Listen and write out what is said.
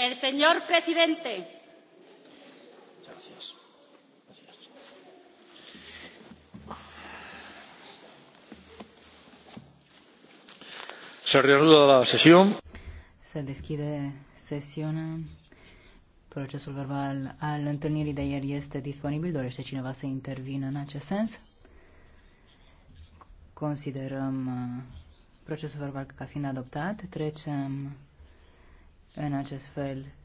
El señor presidente. Gracias. Gracias. Se la sesiune. Se deschide sesiunea. Procesul verbal al întâlnirii de ieri este disponibil. Dorește cineva să intervină în acest sens? Considerăm uh, procesul verbal ca fiind adoptat. Trecem în acest fel,